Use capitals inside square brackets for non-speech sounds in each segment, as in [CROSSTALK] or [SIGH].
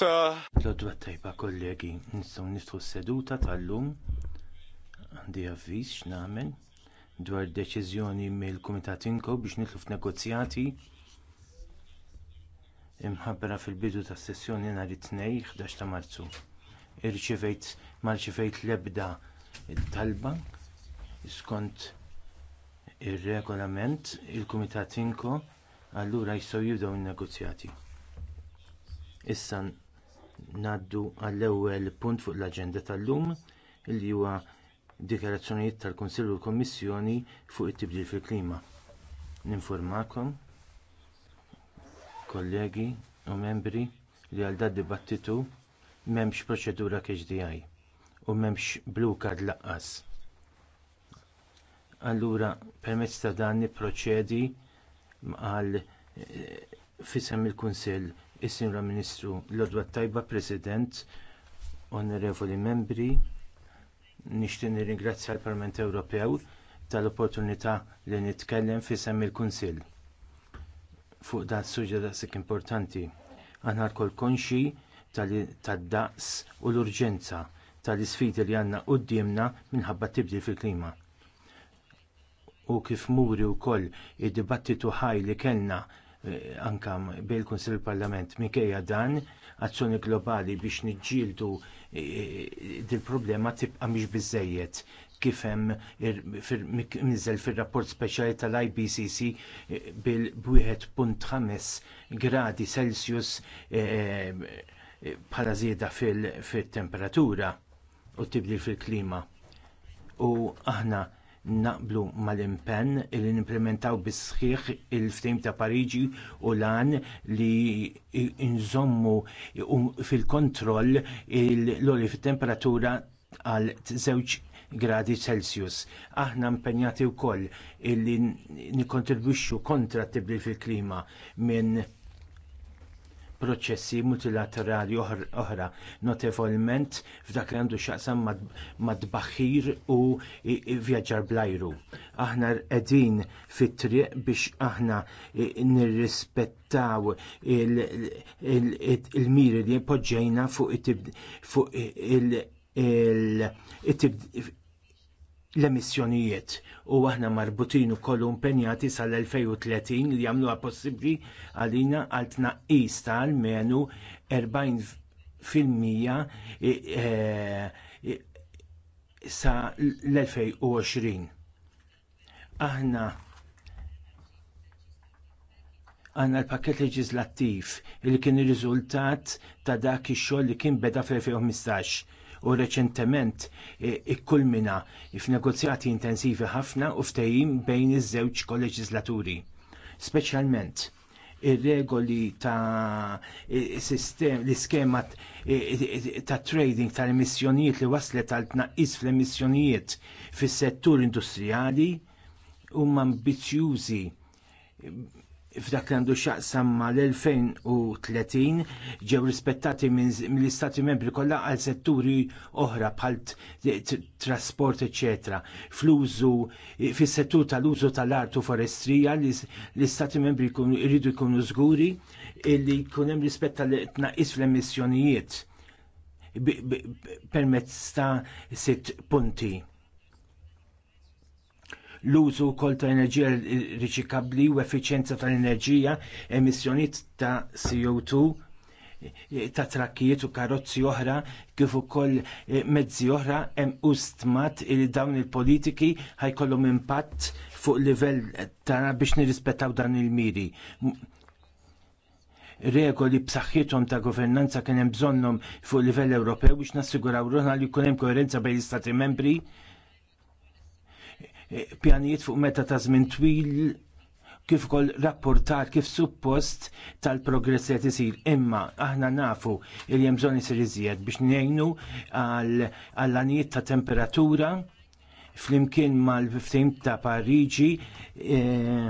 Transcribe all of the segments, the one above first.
L-odwa tajba kollegi, nistgħu nistħu seduta tal-lum, għandi avviż x'namel dwar deċiżjoni mill-Kumitat Inko biex nitlu f'negozjati imħabbra fil-bidu tas sessjoni nhar it-tnej 11 ta' Marzu. Irċivejt marċivejt l-ebda talba skont ir-regolament il kumitat Inko allura jistgħu jibdew in-negozjati. Issa Ngħaddu għall-ewwel punt fuq l-aġenda tal-lum li huwa dikjarazzjonijiet tal-Kunsill u l-Kommissjoni fuq it-tibdil fil-klima. Ninformakom, kollegi u membri li għal dan dibattitu m'hemmx proċedura KHDI u m'hemmx blue card laqqas. Allura permezz ta' dan nipproċedi għal eh, fisem il-Kunsill Is-Sinra Ministru Lodwa Tajba President, Onorevoli Membri, nixtieq nirringrazzja l-Parlament Ewropew tal-opportunità li nitkellem semmi l kunsill fuq dan suġġa daqshekk importanti. Aħna lkoll konxi tad-daqs u l-urġenza tal-isfidi li għandna quddiemna minħabba tibdil fil-klima. U kif muri wkoll id-dibattitu ħaj li kellna Eh, anka bil il-Kunsill Parlament minkejja dan azzjoni globali biex niġġieldu eh, eh, dil problema tibqa' mhix biżżejjed kif hemm miżel fir-rapport speċjali tal-IBCC bil-1.5 gradi Celsius bħala żieda fit-temperatura u tibdil fil-klima. U aħna naqblu mal-impenn li nimplementaw bisħiħ il-ftehim ta' Pariġi u lan li nżommu fil-kontroll l-oli fit-temperatura għal żewġ gradi Celsius. Aħna mpenjati wkoll illi nikkontribwixxu kontra t-tibdil fil-klima minn proċessi multilaterali oħra, notevolment f'dak li għandu xaqsam mad-baħir u vjaġġar blajru. Aħna qegħdin fit-triq biex aħna nirrispettaw il-miri li poġġejna fuq it-tib l-emissjonijiet u aħna marbutin ukoll impenjati sal-2030 li jagħmluha possibbli għalina għal tnaqqis ta' almenu 40 sa l-2020. Aħna għanna l-pakket leġislattiv li kien ir-riżultat ta' dak ix-xogħol li kien beda fl-2015 u reċentement e, ikkulmina f'negozjati intensivi ħafna u ftehim bejn iż-żewġ kolleġislaturi. Speċjalment ir-regoli ta' e, sistem l-iskema e, ta' trading tal-emissjonijiet li waslet għal tnaqqis fl-emissjonijiet fis-settur industrijali huma ambizzjużi f'dak li għandu xaqsam mal-2030 ġew rispettati mill-Istati membri kollha għal setturi oħra bħal trasport eċetera. Fl-użu fis-settur tal-użu tal-art u forestrija l-Istati membri jridu jkunu żguri li jkun hemm rispett tal-tnaqqis fl-emissjonijiet permezz ta' sitt punti l-użu wkoll ta' enerġija riċikabbli u effiċjenza tal-enerġija, emissjonijiet ta' CO2 ta' trakkijiet u karozzi oħra kif ukoll eh, mezzi oħra hemm u stmat li dawn il-politiki ħajkollhom impatt fuq livell tagħna biex nirrispettaw dan il-miri regoli b'saħħithom ta' governanza kien hemm bżonnhom fuq livell Ewropew biex nassiguraw ruħna li jkun hemm koerenza bejn l-Istati membri Eh, pjanijiet fuq meta ta' żmien twil kif ukoll rapportar kif suppost tal-progress qed isir. Imma aħna nafu li hemm bżonn isir iżjed biex ngħinu għall għanijiet ta' temperatura flimkien mal-ftehim ta' Pariġi eh,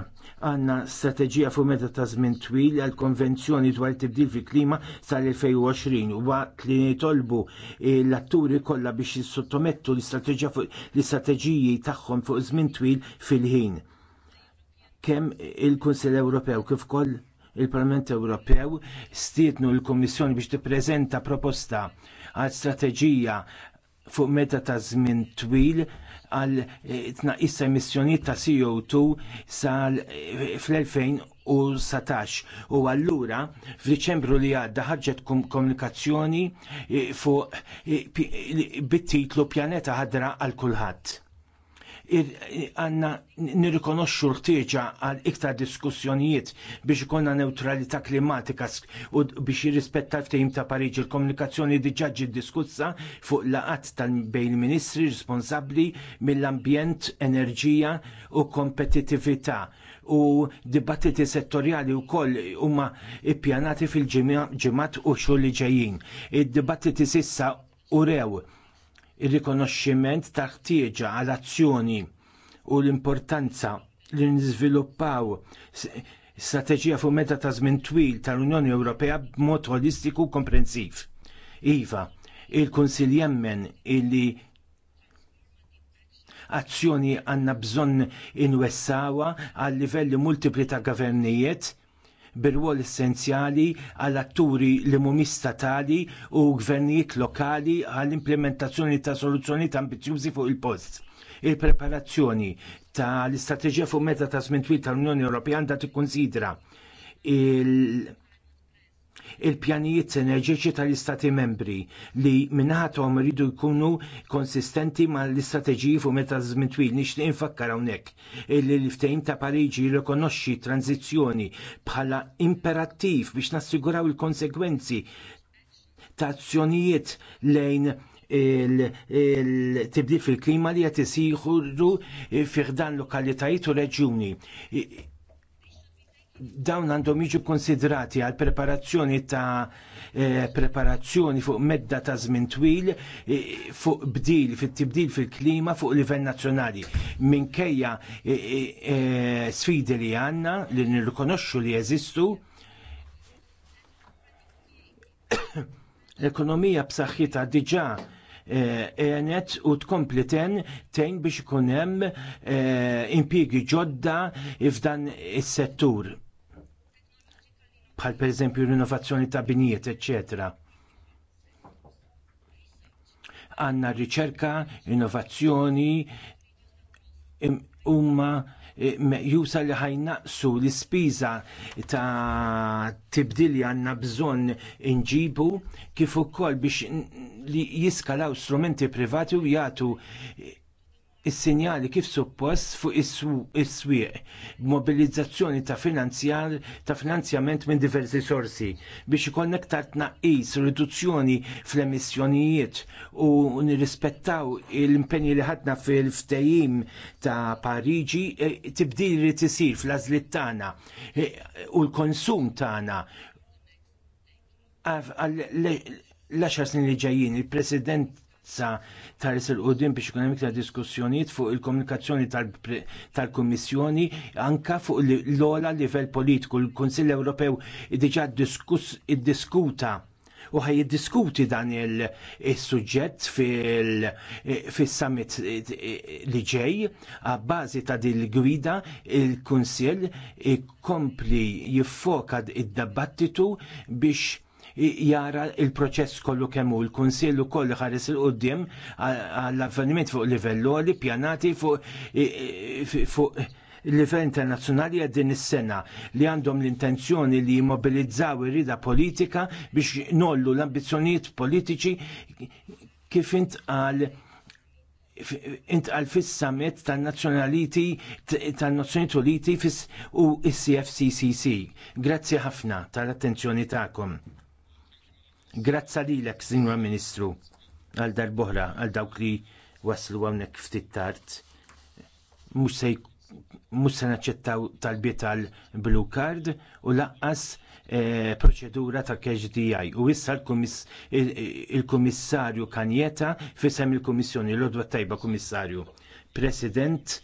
għandna strateġija fuq meta ta' żmien twil għall konvenzjoni dwar tibdil fil-klima sal-2020 u waqt li nitolbu eh, l-atturi kollha biex jissottomettu l-istrateġiji tagħhom fuq żmien twil fil-ħin. Kemm il-Kunsill Ewropew kif ukoll il-Parlament Ewropew stietnu l-Kommissjoni biex tippreżenta proposta għal strateġija fuq meta ta' żmien twil għal eh, tnaqqis emissjonijiet ta' CO2 sal eh, fl-2017 u allura f'Diċembru li għadda ħarġet komunikazzjoni eh, fuq bit-titlu Pjaneta ħadra għal kulħadd għanna nirrikonoxxu l-ħtieġa għal iktar diskussjonijiet biex ikonna neutralità klimatika u biex jirrispetta ftehim ta' Pariġi l-komunikazzjoni diġà ġiet diskussa fuq laqat tal-bejn ministri responsabbli mill-ambjent, enerġija u kompetittività u dibattiti settorjali u koll huma ippjanati fil-ġimat u xogħol li ġejjin. Id-dibattiti sissa u rew ir-rikonoxximent ta' ħtieġa għal azzjoni u l-importanza li niżviluppaw strateġija fuq meta ta' żmien twil tal-Unjoni Ewropea b'mod holistiku u komprensiv. Iva, il kunsill jemmen illi azzjoni għandna bżonn inwessawa għal livelli multipli ta' gvernijiet bil rwol essenzjali għal atturi li mhumiex statali u gvernijiet lokali għall implementazzjoni ta' soluzzjonijiet ambizjużi fuq il-post. Il-preparazzjoni tal istrateġija fuq meta ta' żmien twil tal-Unjoni Ewropea għandha tikkunsidra il- il-pjanijiet sinerġiċi tal-Istati membri li minnaħatom rridu jkunu konsistenti mal l-istrateġiji fuq meta żmien twil nixtieq infakkar hawnhekk illi l-ftehim ta' Pariġi jirrikonoxxi tranzizzjoni bħala imperattiv biex nassiguraw il-konsegwenzi ta' azzjonijiet lejn il-tibdil fil-klima li qed isiru fih dan lokalitajiet u reġjuni dawn għandhom jiġu konsidrati għal preparazzjoni ta' eh, preparazzjoni fuq medda ta' żmien twil eh, fuq bdil fit-tibdil fil-klima fuq livell nazzjonali. Minkejja eh, eh, eh sfidi li għandna li nirrikonoxxu li jeżistu [COUGHS] l-ekonomija b'saħħitha diġà eh, għenet u tkompli ten tejn biex ikun hemm impjiegi ġodda f'dan is-settur bħal pereżempju l-innovazzjoni ta' binijiet, eċċetera. Għandna riċerka, innovazzjoni huma e, meqjusa li ħajnaqsu l-ispiża ta' tibdil li għandna bżonn inġibu kif ukoll biex li jiskalaw strumenti privati u jagħtu is-sinjali kif suppost fuq is-swieq b'mobilizzazzjoni ta' finanzjar ta' finanzjament minn diversi sorsi biex ikollna aktar tnaqqis, riduzzjoni fl-emissjonijiet u nirrispettaw l-impenji li ħadna fil-ftehim ta' Pariġi e, tibdil li tisir fl-għażliet tagħna e, u l-konsum tagħna l-10 snin li ġejjin il-President Sa importanza tal il biex ikun hemm iktar diskussjonijiet fuq il-komunikazzjoni tal-Kummissjoni anka fuq l-ola livell politiku. Il-Kunsill Ewropew diġà iddiskuta u ħaj jiddiskuti dan il-sujġett fil-summit li ġej, għabbażi ta' dil-gwida il kunsill kompli jiffokad id-dabattitu biex jara il-proċess kollu kemmu l kunsillu ukoll ħares il qoddim għall-avveniment fuq livellu li pjanati fuq livell internazzjonali għad din is-sena li għandhom l-intenzjoni li jimmobilizzaw ir-rida politika biex nollu l-ambizzjonijiet politiċi kif intqal intqal fis-summit tan-nazzjonaliti tan-Nazzjonijiet Uniti u s-CFCCC. Grazzi ħafna tal-attenzjoni tagħkom. Grazza lilek, Sinjor Ministru, għal darbohra, għal dawk li waslu għamnek ftit tard. Mux se naċċettaw tal naċċettaw talbiet tal blue card u laqqas eh, proċedura ta' KHDI. U issa il-Kummissarju Kanjeta fisem il-Kummissjoni l-Odwa Tajba Komissarju, President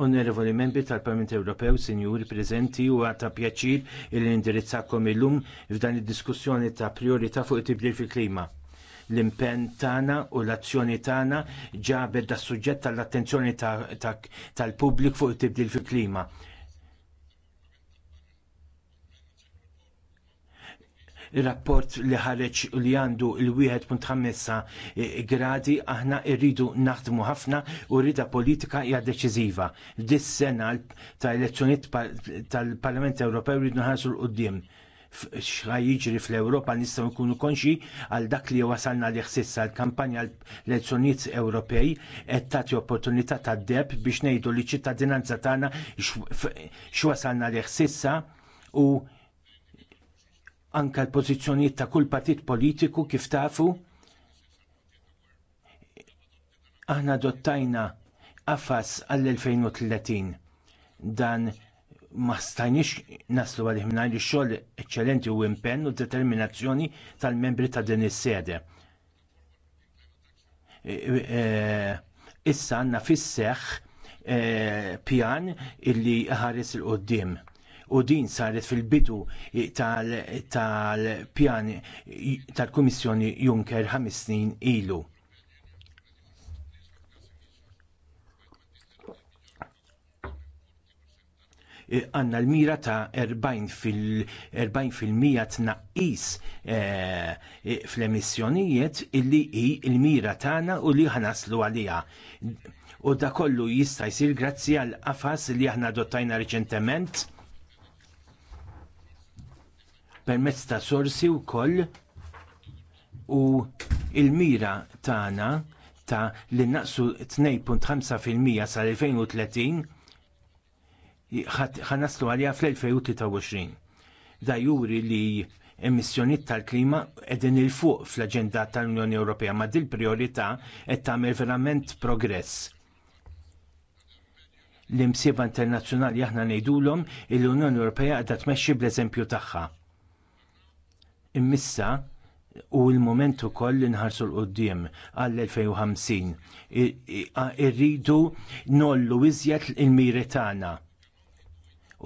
Onorevoli membri tal-Parlament Ewropew, sinjuri prezenti u għata pjaċir il-indirizzakom illum f'dan id-diskussjoni ta' priorità fuq it-tibdil fil-klima l-impenn tagħna u l-azzjoni tagħna ġabed da' suġġett tal-attenzjoni tal publik fuq it-tibdil fil-klima. rapport li ħareġ li għandu l-1.5 eh, gradi aħna rridu naħdmu ħafna u rrida politika hija deċiżiva. Dis-sena ta' elezzjonijiet tal-Parlament Ewropew rridu nħarsu l-qudiem jiġri fl-Ewropa nistgħu nkunu konxi għal dak li wasalna li ħsissa l-kampanja l-elezzjonijiet Ewropej qed tagħti opportunità tad-deb biex ngħidu li ċittadinanza tagħna x'wasalna li ħsissa u anka l-pożizzjonijiet ta' kull partit politiku kif tafu aħna adottajna għafas għall-2030 dan ma stajniex naslu għalih mingħajr ix-xogħol eċċellenti u impenn u determinazzjoni tal-membri ta' din is-sede. E, e, e, issa għandna fis-seħħ pjan illi ħares il-qoddim u din saret fil-bidu tal-pjan tal-Kummissjoni Juncker ħames snin ilu. E, għanna l-mira ta' 40% tnaqqis e, e, fl-emissjonijiet illi hi l-mira tagħna u li ħanaslu għaliha. U da kollu jista' jsir grazzi għal qafas li aħna adottajna riċentement permezz ta' sorsi wkoll u l mira tagħna ta' li naqsu 2.5% sal-2030 ħanaslu għalija fl-2023. Da juri li emissjonijiet tal-klima qegħdin il-fuq fl-aġenda tal-Unjoni Ewropea ma' dil priorità qed tagħmel verament progress. L-imsieba internazzjonali aħna ngħidulhom il-Unjoni Ewropea qiegħda tmexxi bl-eżempju tagħha immissa u l-moment ukoll li nħarsu l-qoddim għall-2050. Irridu nollu iżjed il-miri tagħna.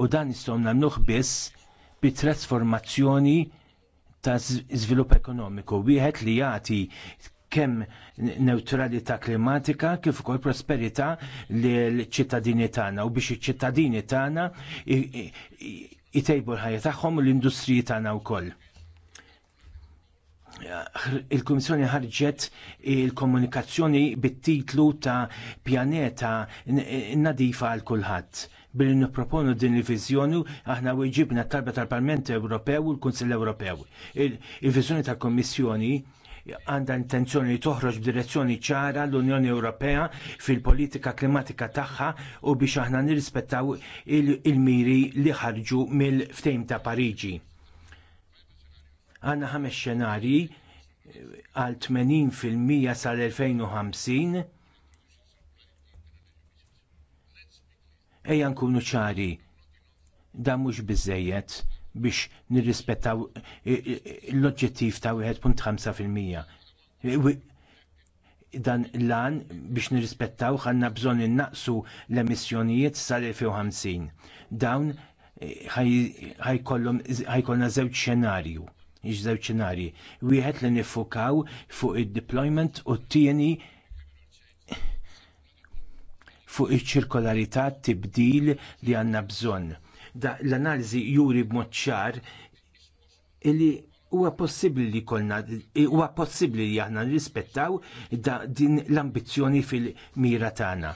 U dan nistgħu nagħmluh biss bit-trasformazzjoni ta' żvilupp ekonomiku wieħed li jagħti kemm neutralità klimatika kif ukoll prosperità lill-ċittadini tagħna u biex iċ-ċittadini tagħna jtejbu l-ħajja tagħhom u l-industriji tagħna wkoll il komissjoni ħarġet il-komunikazzjoni bit-titlu ta' pjaneta nadifa għal kulħadd. Billi nipproponu din il vizjoni aħna weġibna talba tal-Parlament Ewropew u l-Kunsill Ewropew. il vizjoni tal-Kummissjoni għandha intenzjoni li toħroġ b'direzzjoni ċara l-Unjoni Ewropea fil-politika klimatika tagħha u biex aħna nirrispettaw il-miri li ħarġu mill ftehim ta' Pariġi Għanna ħames xenari għal 80% sal-2050 Ejja nkunu ċari, dan mhux biżejjed biex nirrispettaw l-oġġettiv ta' 1.5%. Dan l-an biex nirrispettaw ħanna bżonn innaqsu l-emissjonijiet sal-2050. Dawn eh, ħajkollna żewġ xenarju żewġ xenarji. Wieħed li nifukaw fuq id-deployment u t-tieni fuq iċ-ċirkolarità tibdil li għandna bżonn. L-analiżi juri b'mod ċar illi huwa possibbli li kolna huwa possibbli li aħna nirrispettaw din l-ambizzjoni fil-mira tagħna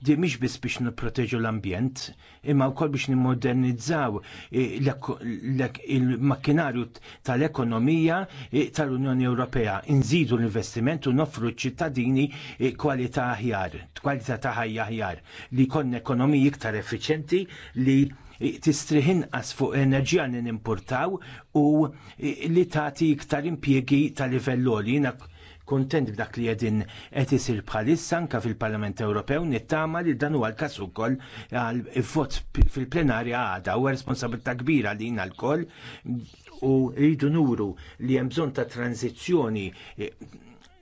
di mhix biss biex nipproteġu l-ambjent, imma wkoll biex nimmodernizzaw eh, il-makkinarju tal-ekonomija eh, tal-Unjoni Ewropea, inżidu l-investiment u noffru ċittadini eh, kwalità aħjar, kwalità ta' ħajja aħjar, li jkollna ekonomiji iktar effiċenti li tistriħin as fuq enerġija li nimpurtaw u li tagħti iktar impjiegi tal livell għoli kuntent b'dak li għedin qed isir bħalissa anke fil-Parlament Ewropew nittama li dan huwa l-każ ukoll għal vot fil-plenarja għada huwa responsabilità kbira lina l-koll u rridu nuru li hemm bżonn ta' tranzizzjoni e,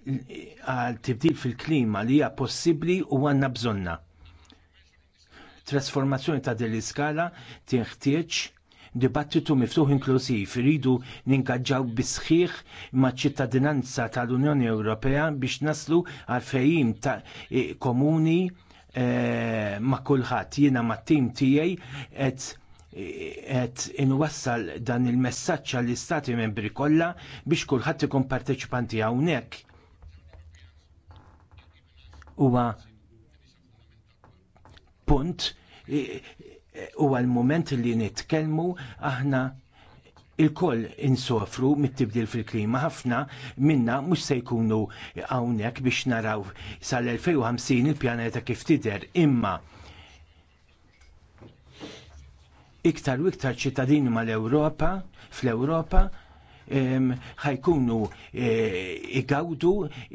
għal tibdil fil-klima li hija possibbli u għandna bżonna. Trasformazzjoni ta' din l-iskala tinħtieġ dibattitu miftuħ inklusiv, iridu ningaġġaw bisħiħ maċ ċittadinanza tal-Unjoni Ewropea biex naslu għal fejim ta' e, komuni e, ma' kulħadd jiena mat tim tiegħi qed e, inwassal dan il messaġġ għall-istati membri kollha biex kulħadd ikun parteċipanti hawnhekk. Huwa punt U għal moment li nitkellmu aħna il-koll insofru mit-tibdil fil-klima ħafna minna mux se jkunu għawnek biex naraw sal-2050 il-pjaneta kif tider imma iktar u iktar ċittadini mal-Europa fl-Europa ħajkunu e, igawdu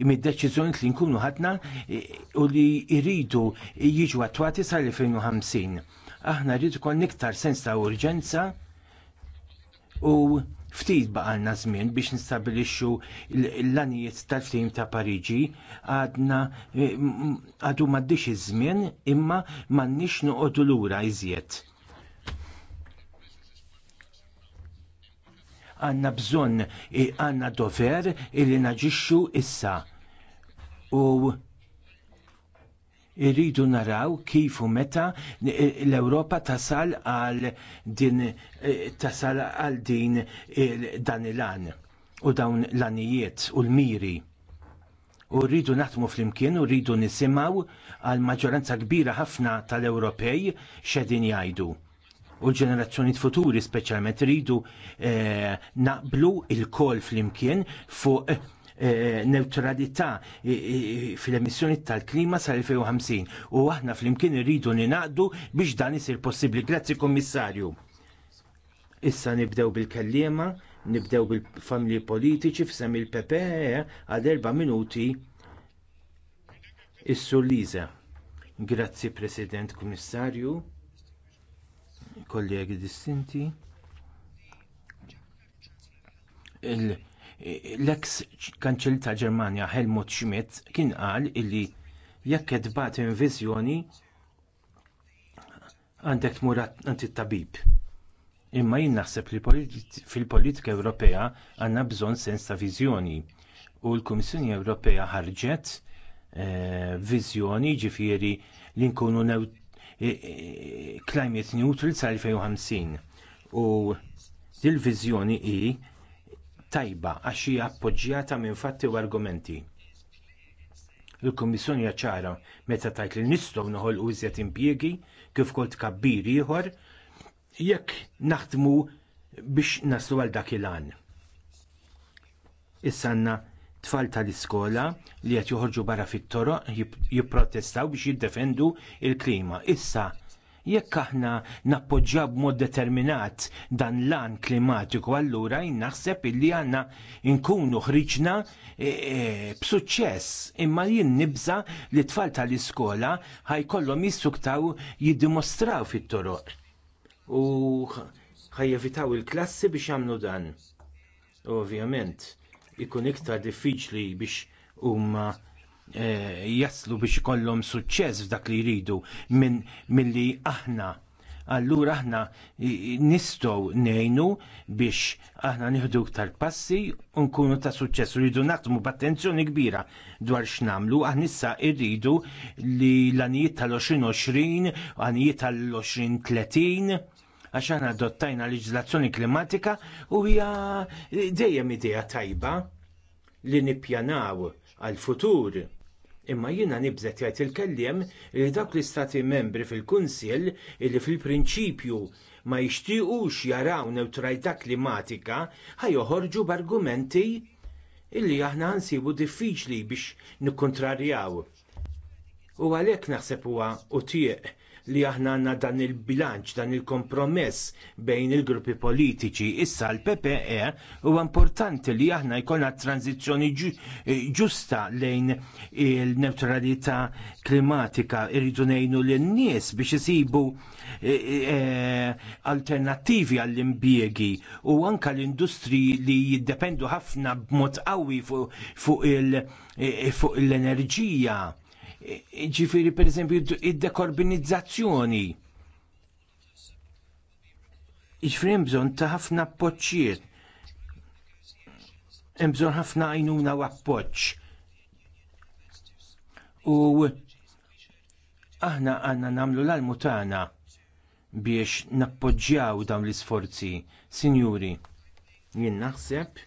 mid deċizjoni li nkunu ħadna e, u li jridu jiġu attwati sal-2050 aħna rridu kon iktar sens ta' urġenza u ftit baqalna żmien biex nistabilixxu l-lanijiet tal-ftim ta' Pariġi għadna eh, għadu maddix iż-żmien imma m'għandniex noqogħdu lura iżjed. għanna bżonn eh, għanna dover illi naġixxu issa. U irridu naraw kif u meta l-Ewropa tasal għal din eh, tasal għal din eh, dan il-an u dawn l-anijiet u l-miri. U rridu naħdmu flimkien u rridu nisimaw għal maġġoranza kbira ħafna tal-Ewropej xedin jgħidu. U l-ġenerazzjoni futuri speċjalment rridu eh, naqblu il-kol flimkien fuq eh, Eh, neutralità eh, eh, fil-emissjoni tal-klima sal-2050 u aħna fl-imkien irridu ninaqdu biex dan isir possibbli. Grazzi Kommissarju. Issa nibdew bil-kellima, nibdew bil-familji politiċi f'sem il-PPE għad erba' minuti is-Sur Liza. Grazzi President Kummissarju, kollegi distinti l-eks kanċil ta' Ġermanja Helmut Schmidt kien qal illi jekk edbat inviżjoni għandek tmur għand it-tabib. Imma jien naħseb li fil-politika Ewropea għandna bżonn sens ta' viżjoni u l-Kummissjoni Ewropea ħarġet eh, viżjoni ġifieri li nkunu eh, eh, climate neutral sa' 2050 u dil-viżjoni hi tajba għax hija appoġġjata minn fatti u argumenti. Il-Kummissjoni ċara meta tajt li nistgħu noħolqu iżjed impjiegi kif ukoll tkabbir ieħor jekk naħdmu biex naslu għal dak il-għan. Issanna tfal tal-iskola li qed joħorġu barra fit-toroq jipprotestaw biex jiddefendu l klima Issa Jekk aħna nappoġġaw b'mod determinat dan l-an klimatiku, allura naħseb illi għandna nkunu ħriġna e, e, b'suċċess, imma jien nibża li tfal tal-iskola ħajkollhom jissuktaw jiddimostraw fit-toroq. U ħajjevitaw il-klassi biex jagħmlu dan. Ovvjament, ikun iktar diffiċli biex huma Eh, jaslu biex kollom suċċess f'dak li jridu minn milli aħna allura aħna nistgħu ngħinu biex aħna nieħdu iktar passi u nkunu ta' suċċess. Rridu naħdmu b'attenzjoni kbira dwar x'namlu, aħna issa rridu li l-anijiet tal-2020, anijiet tal-2030, għax aħna adottajna leġislazzjoni klimatika u hija dejjem idea tajba li nippjanaw għal-futur Imma jiena nibżet jgħid il-kelliem li dak l-istati membri fil-Kunsill li fil-prinċipju ma jixtiequx jaraw newtralità klimatika ħajjoħorġu b'argumenti illi aħna nsibu diffiċli biex nikkontrarjaw. U għalhekk naħseb huwa utieq li aħna għandna dan il-bilanċ, dan il-kompromess bejn il-gruppi politiċi. Issa l-PPE huwa importanti li aħna jkollna tranzizzjoni eh, ġusta lejn il-neutralità klimatika. Irridu ngħinu lin-nies biex isibu eh, eh, alternattivi għall-impjiegi u anke l-industriji li jiddependu ħafna b'mod qawwi fuq il-enerġija ġifiri per eżempju id-dekorbinizzazzjoni. Ġifiri mbżon ta' ħafna poċċir. Mbżon ħafna għajnuna u appoċ. U aħna għanna namlu l-almutana biex nappoġġjaw dawn l-isforzi, sinjuri. Jien naħseb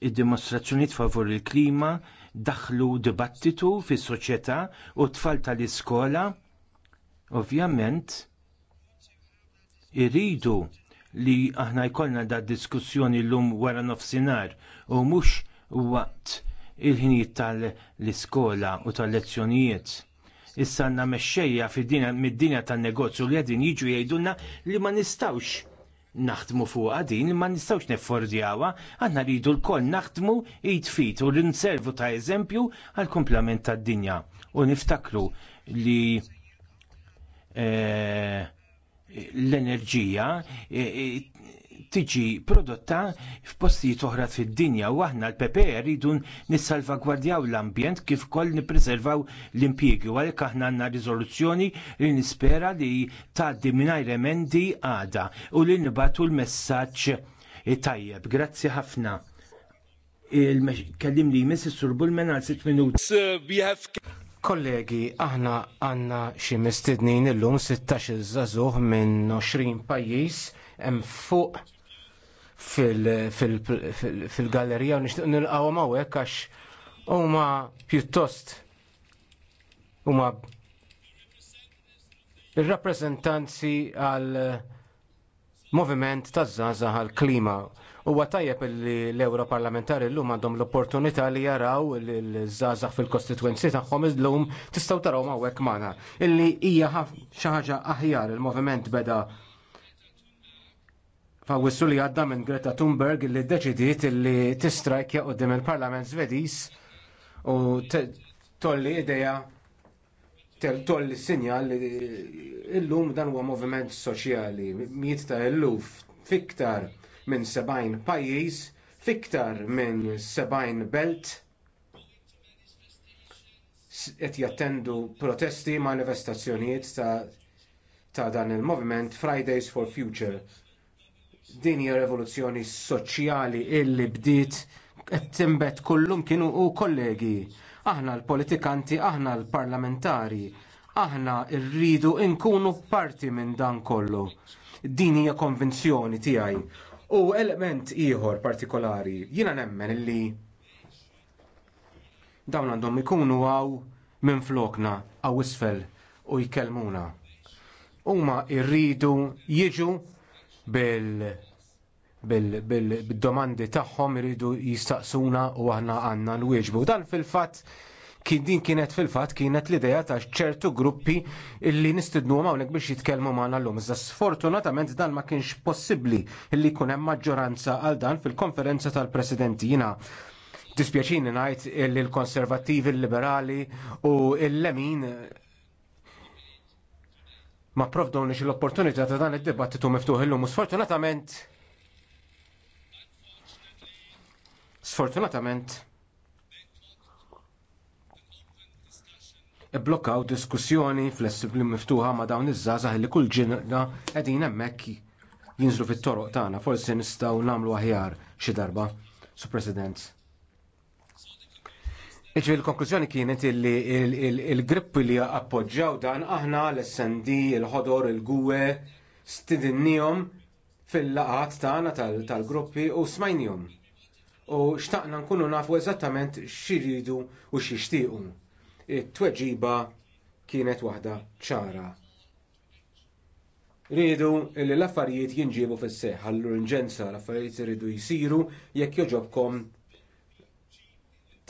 id t favur il-klima daħlu dibattitu fis soċjetà u tfal tal-iskola ovvjament iridu li aħna jkollna da diskussjoni llum wara nofsinhar u mhux waqt il-ħinijiet tal-iskola u tal-lezzjonijiet issa għandna mexxejja fid mid-dinja tan-negozju li qegħdin jiġu jgħidulna li ma nistgħux naħdmu fuqha din ma nistgħux neffordjawha, aħna rridu lkoll naħdmu id fit u rinservu ta' eżempju għal kumplament tad-dinja u niftakru li e, l-enerġija e, e, tiġi prodotta f'postijiet oħra fid-dinja u aħna l-PPR e rridu nissalvagwardjaw l-ambjent kif ukoll nippreservaw l-impjiegi u għalhekk aħna għandna riżoluzzjoni li nispera li tgħaddi mingħajr emendi għada u li nibatu l-messaġġ tajjeb. Grazzi ħafna. kellim li jmiss is-sur Bullman għal 6 minuti. Kollegi, aħna għanna xi mistednin illum 16 żagħżugħ minn 20 pajjiż hemm fuq fil-gallerija u nixtieq nilqgħu hawnhekk għax huma pjuttost huma il rappreżentanzi għal moviment taż-żgħażagħ għal klima Huwa tajjeb li l-Europarlamentari llum għandhom l-opportunità li jaraw l żazax fil-kostitwenzi tagħhom illum tistgħu taraw hawnhekk magħna. Illi hija xi ħaġa aħjar il-moviment beda fawissu li għadda minn Greta Thunberg illi deċidiet li tistrajkja qudiem il-Parlament Svediż u tolli ideja tolli sinjal li illum dan huwa moviment soċjali, miet ta' illuf, fiktar minn 70 pajjiż fiktar minn 70 belt qed jattendu protesti manifestazzjonijiet ta' ta' dan il-moviment Fridays for Future. Din hija revoluzzjoni soċjali illi bdiet qed timbet kullum kienu u kollegi. Aħna l-politikanti, aħna l-parlamentari, aħna rridu nkunu parti minn dan kollu. Din hija konvinzjoni tiegħi U element ieħor partikolari jiena nemmen li dawn għandhom ikunu għaw minn flokna għaw isfel u jkellmuna. Huma rridu jiġu bil bil-domandi bil, bil tagħhom iridu jistaqsuna u aħna għandna l-wieġbu. Dan fil-fatt Kien din kienet fil-fatt kienet l-idea ta' ċertu gruppi illi nistidnu hawnhekk biex jitkellmu l-lum. Iżda sfortunatament dan ma kienx possibbli illi jkun hemm maġġoranza għal dan fil-konferenza tal-presidenti jina. dispjaċini najt il-konservativi, il-liberali u il-lemin ma nix l-opportunità ta' dan id-dibattitu miftuħ illum. Sfortunatament, sfortunatament, ibblokkaw diskussjoni flessibbli miftuħa ma' dawn iż-żgħażagħ li kull ġinna qegħdin hemmhekk jinżlu fit-toroq tagħna, forsi nistgħu nagħmlu aħjar xi darba. Su President. Iġvi l-konklużjoni kienet li il-gripp li appoġġjaw dan aħna l-SND, il-ħodor, il-gwe, stidinnijom fil-laqat tagħna tal-gruppi u smajnijom. U xtaqna nkunu nafu eżattament xiridu u xixtiequ it-tweġiba kienet waħda ċara. rridu li l-affarijiet jinġiebu fis-seħħ għall-urġenza l-affarijiet iridu jsiru jekk joġobkom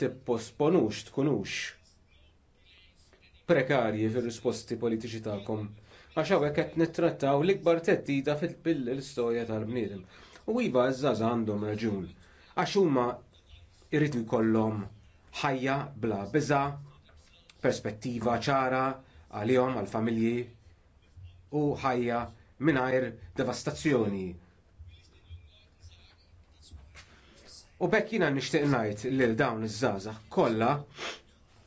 tipposponux tkunux prekarji fir-risposti politiċi tagħkom għax hawnhekk qed nittrattaw l-ikbar teddida fil-istorja tal-bniedem. U iva iż għandhom raġun għax huma jridu jkollhom ħajja bla biża' perspettiva ċara għalihom għall-familji u ħajja mingħajr devastazzjoni. U bekk jiena nixtieq ngħid lil dawn iż-żgħażagħ kollha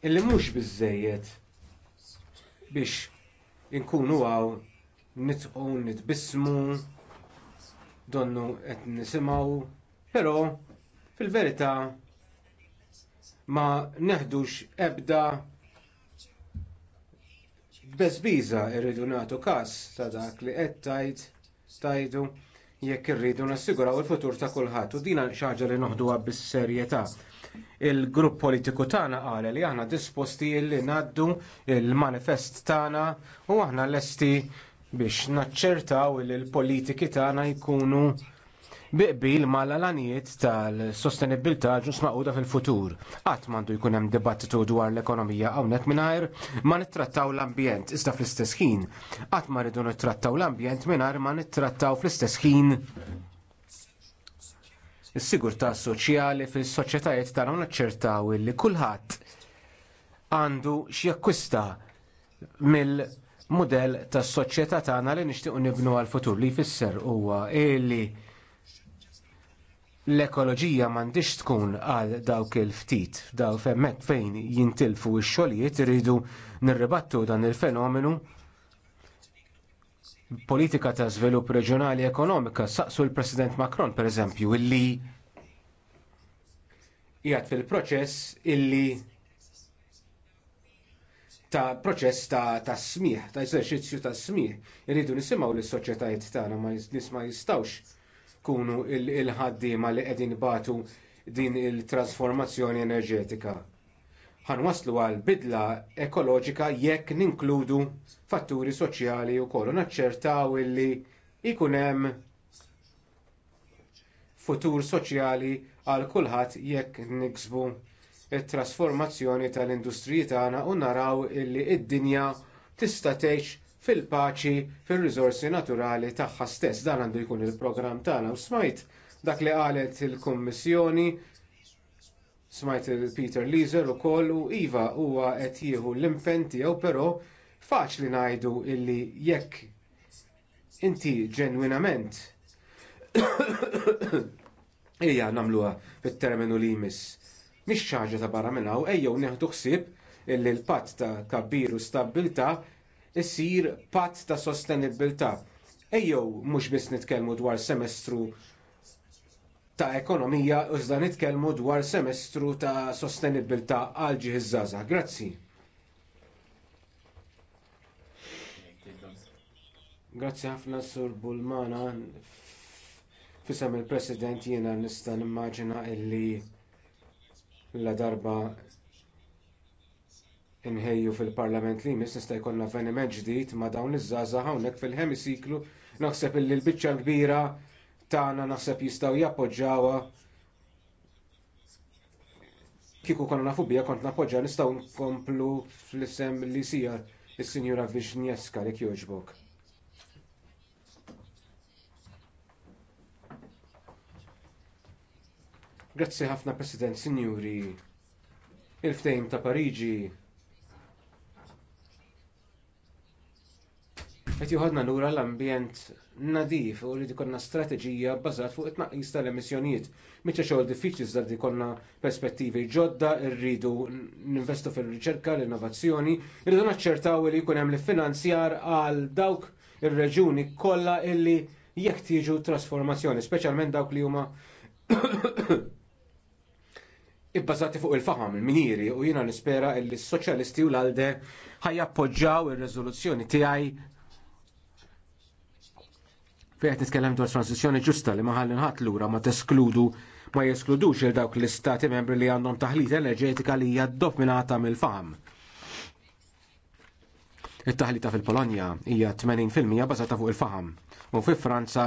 illi mhux biżżejjed biex inkunu għaw nitqu nitbismu donnu qed nisimgħu, però fil-verità ma neħdux ebda bezbiża rridu nagħtu każ ta' dak li qed tajt tajdu jekk irridu nassiguraw il-futur ta' kulħadd u dina xi ħaġa li noħduha bis-serjetà. Il-grupp politiku tagħna qal li aħna disposti li ngħaddu l manifest tagħna u aħna lesti biex naċċertaw li l-politiki tagħna jkunu biqbil ma l-alanijiet tal-sostenibilità ġus maquda fil-futur. Qatt m'għandu jkun hemm dibattitu dwar l-ekonomija hawnhekk mingħajr ma nittrattaw l-ambjent iżda fl-istess ħin. Qatt ma rridu nittrattaw l-ambjent mingħajr ma nittrattaw fl-istess ħin is-sigurtà soċjali fis-soċjetajiet tagħna naċċertaw li kulħadd għandu xi mill mudell tas soċjetà tagħna li nixtiequ nibnu għall futur li jfisser huwa li l-ekoloġija m'għandix tkun għal dawk il-ftit, daw femmek fejn jintilfu ix xogħlijiet iridu nirribattu dan il-fenomenu politika ta' żvilupp reġjonali ekonomika saqsu l-President Macron pereżempju illi jgħat fil-proċess illi ta' proċess ta', ta smieħ, ta' eżerċizzju ta' smieħ, irridu nisimgħu lis soċjetajiet tagħna ma nisma' jistawx tkunu il-ħaddiema li qegħdin batu din il-trasformazzjoni enerġetika. Ħanwasslu għal bidla ekoloġika jekk ninkludu fatturi soċjali wkoll u naċċertaw illi jkun hemm futur soċjali għal kulħadd jekk niksbu it-trasformazzjoni tal-industriji tagħna u naraw illi id-dinja tista' tgħix fil-paċi, fir-riżorsi naturali tagħha stess. Dan għandu jkun il-programm tagħna u smajt dak li qalet il-Kummissjoni smajt il-Peter Leaser ukoll u Iva huwa qed jieħu l-impen tiegħu però faċli ngħidu illi jekk inti ġenwinament [COUGHS] ejja nagħmluha fit-terminu li jmiss. Mhix ċaġa ta' barra minn hawn ejjew neħdu ħsieb illi l-patt ta' u stabilta' issir patt ta' sostenibilità. Ejjew mhux biss nitkellmu dwar semestru ta' ekonomija, iżda nitkellmu dwar semestru ta' sostenibilità għal ġiħizzaza. Grazzi. Grazzi ħafna sur Bulmana. Fisem il-President jiena nista' nimmaġina illi la darba inħejju fil-Parlament li jmiss nista' jkollna avveniment ġdid ma' dawn iż-żgħażagħ hawnhekk fil-hemisiklu naħseb illi l-biċċa kbira tagħna naħseb jistgħu jappoġġawha kieku konna nafu bija kont napoġġa nistgħu nkomplu fl-isem li sija is-Sinjura Viżnieska li jogħġbok. Grazzi ħafna President Sinjuri. Il-ftejm ta' Parigi. qed joħodna lura l-ambjent nadif u rrid ikollna strateġija bbażat fuq it-tnaqqis tal-emissjonijiet. Miċċa xogħol diffiċli iżda rrid ikollna perspettivi ġodda, rridu ninvestu fir-riċerka, l-innovazzjoni, rridu naċċertaw li jkun hemm l-finanzjar għal dawk ir-reġuni kollha illi jekk tiġu trasformazzjoni, speċjalment dawk li huma [COUGHS] ibbażati fuq il-faham, il-miniri, u jiena nispera li s soċjalisti u l-alde ħajappoġġaw ir-riżoluzzjoni tiegħi Fejn qed nitkellem dwar transizjoni ġusta li ma ħalli nħadd lura ma teskludu ma jeskludux il dawk l-istati membri li għandhom taħlit enerġetika li hija ddominata mill-faham. It-taħlita fil-Polonja hija 80% bażata fuq il-faham u fi Franza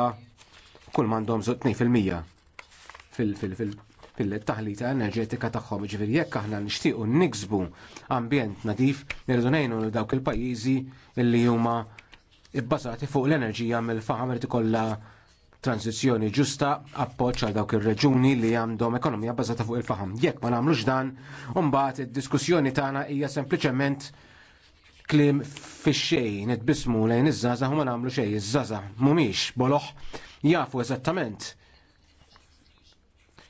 kull m'għandhom 2% fil fil fil-taħlita enerġetika tagħhom. Ġifieri jekk aħna nixtiequ niksbu ambjent nadif, nirridu ngħinu dawk il-pajjiżi li huma Ibbażati fuq l-enerġija mill-faħam li ikollha transizzjoni ġusta appoġġ għal dawk ir-reġuni li għandhom ekonomija bbażata fuq il-faħam. Jekk ma nagħmlux dan, mbagħad id-diskussjoni tagħna hija sempliċement klim fix-xejn nitbismu lejn iż-żaża u ma nagħmlu xejn iż-żaża mhumiex boloħ jafu eżattament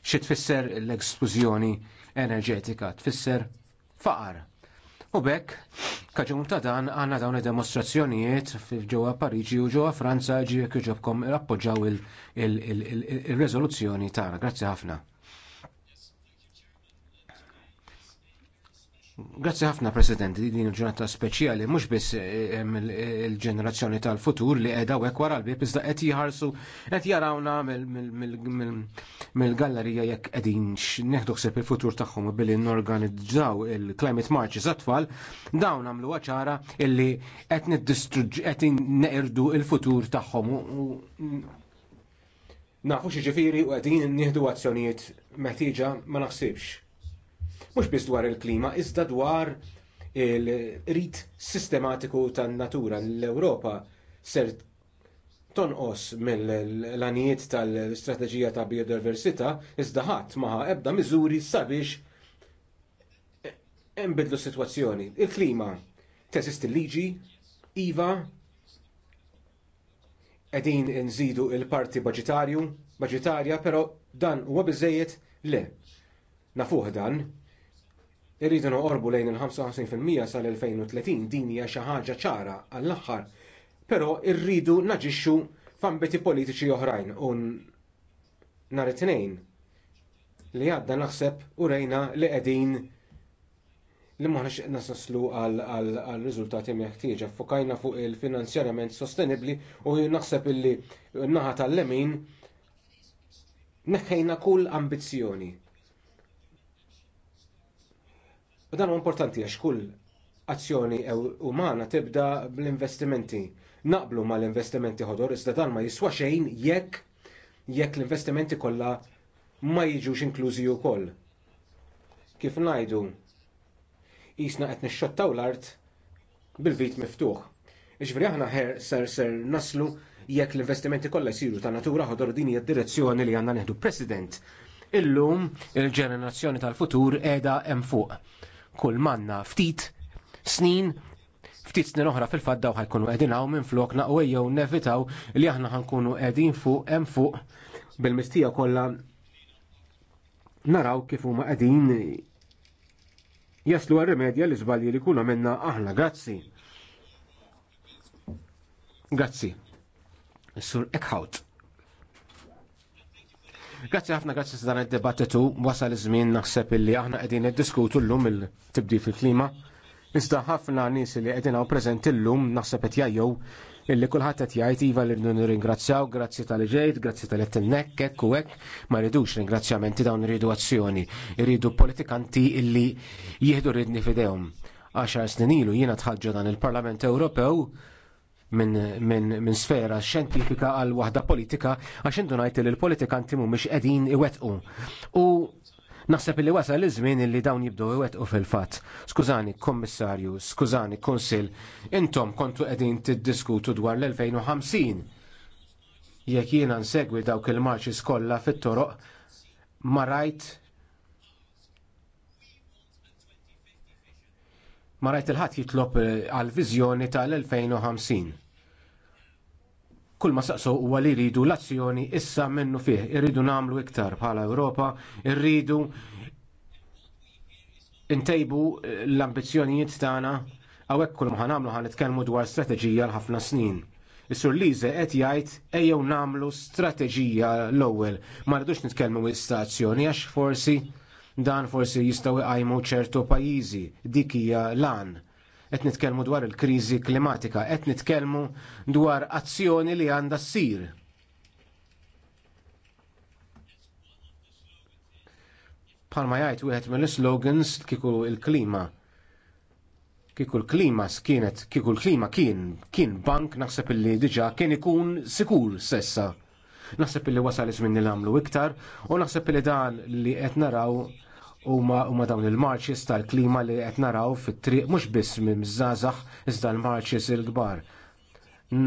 xi tfisser l-ekspużjoni enerġetika, tfisser faqar. U bekk, kaġun ta' dan għandna dawn id-demostrazzjonijiet ġewwa Pariġi u ġewwa Franza ġiek ġobkom appoġġaw il-riżoluzzjoni tagħna. Grazzi ħafna. Grazzi ħafna Presidenti, li din il-ġurnata speċjali mhux biss eh, il-ġenerazzjoni tal-futur li qiegħda hekk wara l-bib iżda qed jħarsu qed jarawna mill-gallerija jekk qegħdin neħdu ħseb il-futur tagħhom billi norganizzaw il-climate marches iż tfal dawn għamlu ċara illi qed niddistruġġ qed il-futur tagħhom nafu xieġifiri u u n-nihdu għazzjoniet meħtieġa ma naħsibx mhux biss dwar il-klima, iżda dwar il-rit sistematiku tan-natura l-Ewropa ser tonqos mill-lanijiet tal-istrateġija ta' biodiversità iżda ħadd maħa ebda miżuri sabiex imbidlu s-sitwazzjoni. Il-klima il liġi, iva, qegħdin nżidu l parti budgetarju, budgetarja, però dan huwa biżejjed le. Nafuh dan, Irridu noqorbu lejn il-55% sal-2030 din hija xi ħaġa ċara għall-aħħar, però rridu naġixxu f'ambiti politiċi oħrajn u nhar it-tnejn li għadda naħseb u rejna li qegħdin li maħnax naslu għal riżultati meħtieġa. Fokajna fuq il-finanzjarament sostenibli u naħseb illi naħa tal-lemin neħħejna kull ambizzjoni. dan huwa importanti għax kull azzjoni umana tibda bl-investimenti. Naqblu mal investimenti ħodor, iżda dan ma jiswa xejn jekk jekk l-investimenti kollha ma jiġux inklużi wkoll. Kif ngħidu, jisna qed nixxottaw l-art bil-vit miftuħ. Iġveri aħna ħer ser ser naslu jekk l-investimenti kollha jsiru ta' natura ħodor din hija d-direzzjoni li għandna neħdu President. Illum il-ġenerazzjoni tal-futur qiegħda hemm fuq kull manna ftit snin ftit snin oħra fil-fatt daw ħajkunu qegħdin hawn minn flokna u ejjew nevitaw li aħna ħankunu qegħdin fuq hemm fuq bil-mistija kollha naraw kif huma qegħdin jaslu għal-remedja li żbalji li kuna minna aħna grazzi. Grazzi. Sur Eckhout. Grazzi ħafna grazzi dan id-debattitu wasal iż-żmien naħseb illi aħna qegħdin niddiskutu llum il-tibdil fil-klima. Iżda ħafna nies li qegħdin hawn preżenti llum naħseb qed jgħajjew illi kulħadd qed jgħid iva li nirringrazzjaw, grazzi tal ġejt, grazzi tal qed innek hekk u hekk, ma rridux ringrazzjamenti dawn iridu azzjoni, irridu politikanti illi jieħdu ridni fidejhom. Għaxar snin ilu jiena tħaġġa dan il-Parlament Ewropew minn min, min sfera xjentifika għal waħda politika għax indu ngħid li l-politikanti mhumiex qegħdin iwettqu. U naħseb li wasal iż-żmien li dawn jibdew iwettqu fil-fatt. Skużani, kommissarju, skużani, konsil, intom kontu qegħdin tiddiskutu dwar l-2050. Jekk jiena nsegwi dawk il marċi skolla fit-toroq ma rajt ma rajt il-ħadd jitlob eh, għal viżjoni tal-2050. Kull ma saqsu huwa li jridu l-azzjoni issa minnu fih, irridu nagħmlu iktar bħala Ewropa, irridu intejbu eh, l-ambizzjonijiet tagħna hawnhekk kull ma ħanamlu għan itkelmu dwar strateġija l ħafna snin. Is-sur Lize qed jgħid ejjew nagħmlu strateġija l-ewwel, ma rridux nitkellmu istazzjoni għax forsi Dan forsi jistgħu jqajmu ċertu pajjiżi, dik hija lan. Qed nitkellmu dwar il-kriżi klimatika, qed nitkellmu dwar azzjoni li għandha ssir. Palma jgħid wieħed mill-slogans kieku l klima kieku l-klima kienet, kieku l-klima kien, kien bank naħseb illi diġa kien ikun sikur sessa. Naħseb illi wasal iż-żmien li nagħmlu iktar u naħseb li dan li qed naraw huma dawn il-marċis tal-klima li qed naraw fit-triq mhux biss minn żgħażagħ iżda l-marċis il-kbar.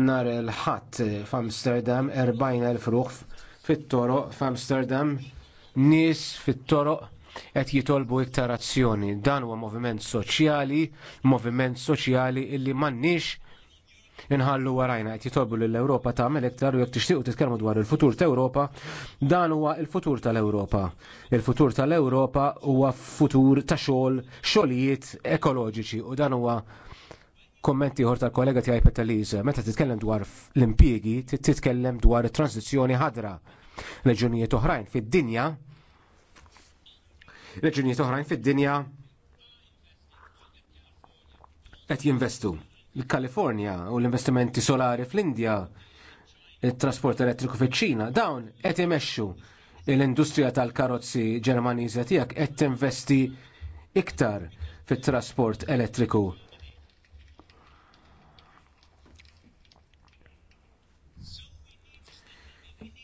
Nar il-ħadd f'Amsterdam 40,000 ruħ fit-toroq f'Amsterdam nies fit-toroq qed jitolbu iktar azzjoni. Dan huwa moviment soċjali, moviment soċjali illi m'għandniex inħallu warajna qed jitolbu lill europa tagħmel iktar u jekk tixtiequ titkellmu dwar il-futur ta' Ewropa, dan huwa il-futur tal-Ewropa. Il-futur tal-Ewropa huwa futur ta' xogħol, xogħlijiet ekoloġiċi u dan huwa kommenti ħor tal-kollega tiegħi Petaliza, meta titkellem dwar l-impjiegi, titkellem dwar it-transizzjoni ħadra. Reġunijiet oħrajn fid-dinja Reġunijiet oħrajn fid-dinja qed jinvestu l-Kalifornja u l-investimenti solari fl-Indja, il-trasport elettriku fiċ-Ċina, dawn qed imexxu l-industrija tal-karozzi Ġermaniża tiegħek qed tinvesti iktar fit-trasport elettriku.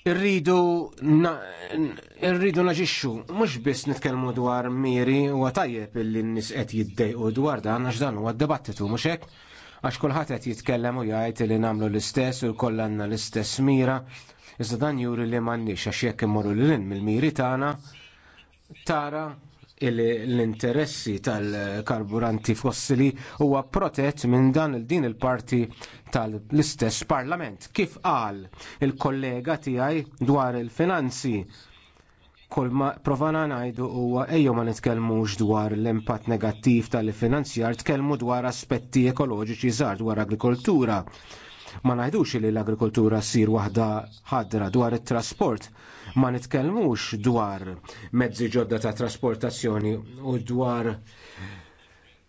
Irridu irridu naġixxu, mhux biss nitkellmu dwar miri huwa tajjeb illi n-nies qed jiddejqu dwar dan għax dan huwa d-dibattitu mhux hekk. Għax kulħadd qed jitkellem u jgħid li nagħmlu l-istess u l għandna l-istess mira, iżda dan juri li m'għandniex għax jekk imorru lil mill-miri tagħna tara l-interessi tal-karburanti fossili huwa protett minn dan il-din il-parti tal-istess parlament. Kif qal il-kollega tiegħi dwar il-finanzi kull ma provana ngħidu huwa ejjew ma nitkellmux dwar l-impatt negattiv tal-finanzjar, tkellmu dwar aspetti ekoloġiċi żgħar dwar agrikoltura. Ma ngħidux li l-agrikoltura ssir waħda ħadra dwar it-trasport. Ma nitkellmux dwar mezzi ġodda ta' trasportazzjoni u dwar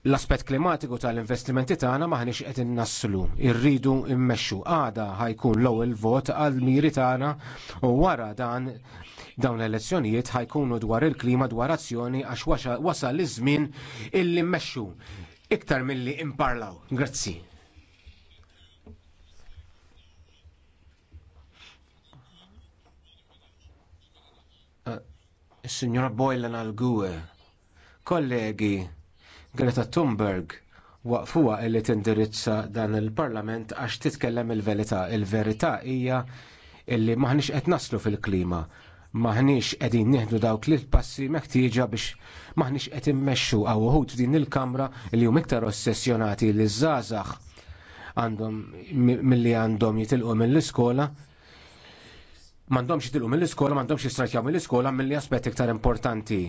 l-aspet klimatiku tal-investimenti tagħna maħniex qed innasslu, irridu immexxu. Għada ħajkun l-ewwel vot għal miri tagħna u wara dan dawn l-elezzjonijiet ħajkunu dwar il-klima dwar azzjoni għax wasal iż-żmien illi mmexxu iktar milli imparlaw. Grazzi. Eh, Signora Boylan al gue kollegi, Greta Thunberg waqfuha li tindirizza dan il-Parlament għax titkellem il-verità. Il-verità hija illi maħniex qed naslu fil-klima. Maħniex qegħdin nieħdu dawk li passi meħtieġa biex maħniex qed immexxu għaw uħud din il-kamra li hum iktar ossessjonati li żgħażagħ għandhom milli għandhom jitilqu mill-iskola m'għandhomx jitilqu mill-iskola, m'għandhomx jistratjaw mill-iskola milli aspett iktar importanti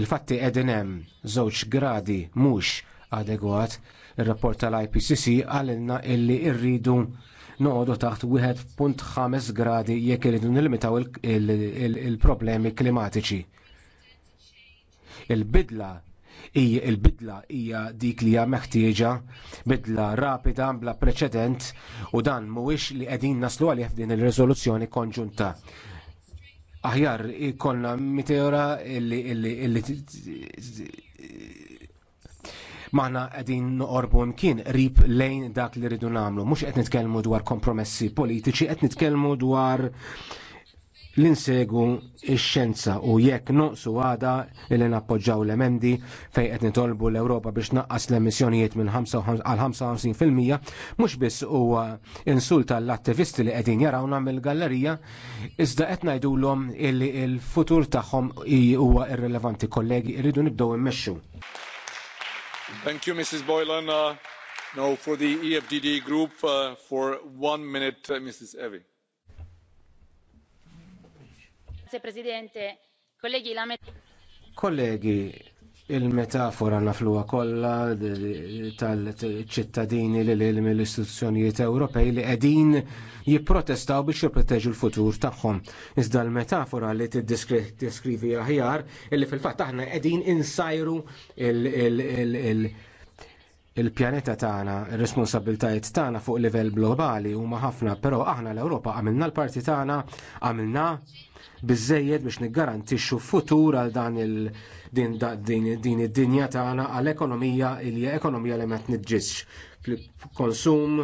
Il-fatti qegħdin hemm żewġ gradi mhux adegwat. Ir-rapport tal-IPCC għalilna illi rridu noqogħdu taħt 1.5 gradi jekk irridu nilmitaw il-problemi klimatiċi. Il-bidla hija il-bidla hija dik li hija meħtieġa bidla rapida bla preċedent u dan mhuwiex li qegħdin naslu għalih f'din ir-riżoluzzjoni konġunta aħjar ikollna meteora illi illi illi maħna qegħdin noqorbu mkien rib lejn dak li rridu nagħmlu. Mhux qed nitkellmu dwar kompromessi politiċi, qed nitkellmu dwar l-insegu ix-xenza u jekk noqsu għada li nappoġġaw l-emendi fejn qed nitolbu l-Ewropa biex naqqas l-emissjonijiet minn 55% mhux biss huwa insulta l attivisti li qegħdin jarawna mill-gallerija iżda qed ngħidulhom illi l-futur tagħhom huwa irrelevanti kollegi irridu nibdew immexxu. Thank you, Mrs. Boylan. Uh, no, for the EFDD group, uh, for one minute, uh, Mrs. Evi Presidente, kollegi, il-metafora nafluha kollha tal-ċittadini li l mill-istituzzjonijiet Ewropej li qegħdin jipprotestaw biex jipproteġu l-futur tagħhom. Iżda l-metafora li tiddiskrivi aħjar illi fil-fatt aħna qegħdin insajru il-pjaneta tagħna, ir-responsabiltajiet tagħna fuq livell globali huma ħafna, però aħna l-Ewropa għamilna l-parti tagħna, għamilna bizzejed biex niggarantixxu futur għal dan il din, din id-dinja tagħna għal ekonomija li ekonomija li ma tniġġisx konsum